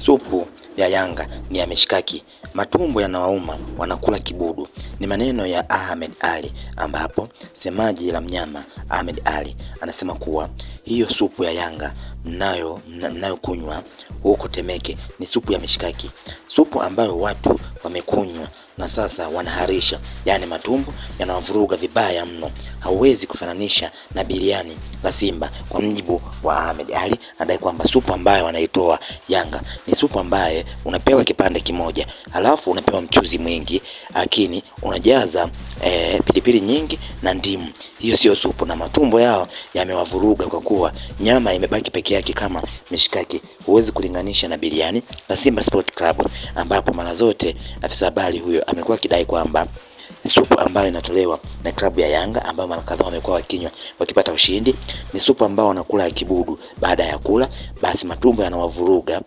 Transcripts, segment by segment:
soapu. vya Yanga ni ya mishikaki, matumbo yanawauma, wanakula kibudu. Ni maneno ya Ahmed Ali, ambapo semaji la mnyama Ahmed Ali anasema kuwa hiyo supu ya Yanga mnayo mnayokunywa huko Temeke ni supu ya mishikaki, supu ambayo watu wamekunywa na sasa wanaharisha, yaani matumbo yanawavuruga vibaya mno. Hauwezi kufananisha na biliani la Simba. Kwa mjibu wa Ahmed Ali, anadai kwamba supu ambayo wanaitoa Yanga ni supu ambaye unapewa kipande kimoja, halafu unapewa mchuzi mwingi, lakini unajaza e, pilipili nyingi na ndimu. Hiyo sio supu, na matumbo yao yamewavuruga kwa kuwa nyama imebaki peke yake kama mishikaki. Huwezi kulinganisha na biriani la Simba Sport Club, ambapo mara zote afisa habari huyo amekuwa akidai kwamba supu ambayo inatolewa na klabu ya Yanga ambayo mara kadhaa wamekuwa wakinywa wakipata ushindi ni supu ambao wanakula ya kibudu. Baada ya kula, basi matumbo yanawavuruga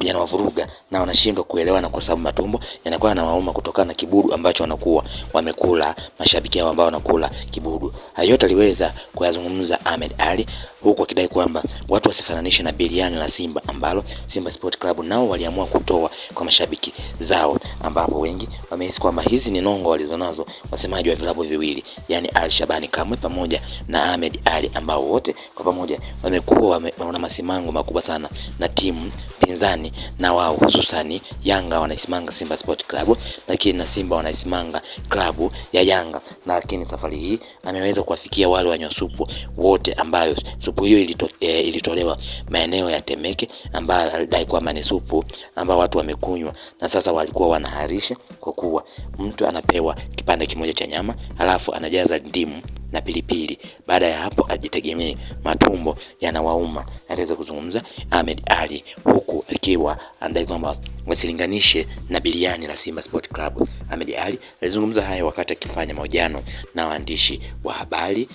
yanawavuruga eh, na wanashindwa kuelewana, kwa sababu matumbo yanakuwa yanawauma kutokana na kibudu ambacho wanakuwa wamekula, mashabiki hao ambao wanakula kibudu. Hayo yote aliweza kuyazungumza Ahmed Ally huku akidai kwamba watu wasifananishe na biliani la Simba ambalo Simba Sport Club nao waliamua kutoa kwa mashabiki zao, ambapo wengi wamehisi kwamba hizi ni nongo walizonazo wasemaji wa vilabu viwili, yani Ali Shabani Kamwe pamoja na Ahmed Ali, ambao wote kwa pamoja wamekuwa wame, wana masimango makubwa sana na timu pinzani, na wao hususani Yanga wanaisimanga Simba Sport Club, lakini na Simba wanaisimanga klabu ya Yanga, lakini safari hii ameweza kuwafikia wale wanywa supu wote ambayo Supu hiyo ilito, e, ilitolewa maeneo ya Temeke ambayo alidai kwamba ni supu ambayo watu wamekunywa na sasa walikuwa wanaharisha, kwa kuwa mtu anapewa kipande kimoja cha nyama alafu anajaza ndimu na pilipili. Baada ya hapo ajitegemee, matumbo yanawauma, aliweza kuzungumza Ahmed Ali, huku akiwa anadai kwamba wasilinganishe na biliani la Simba Sport Club. Ahmed Ali alizungumza haya wakati akifanya mahojiano na waandishi wa habari.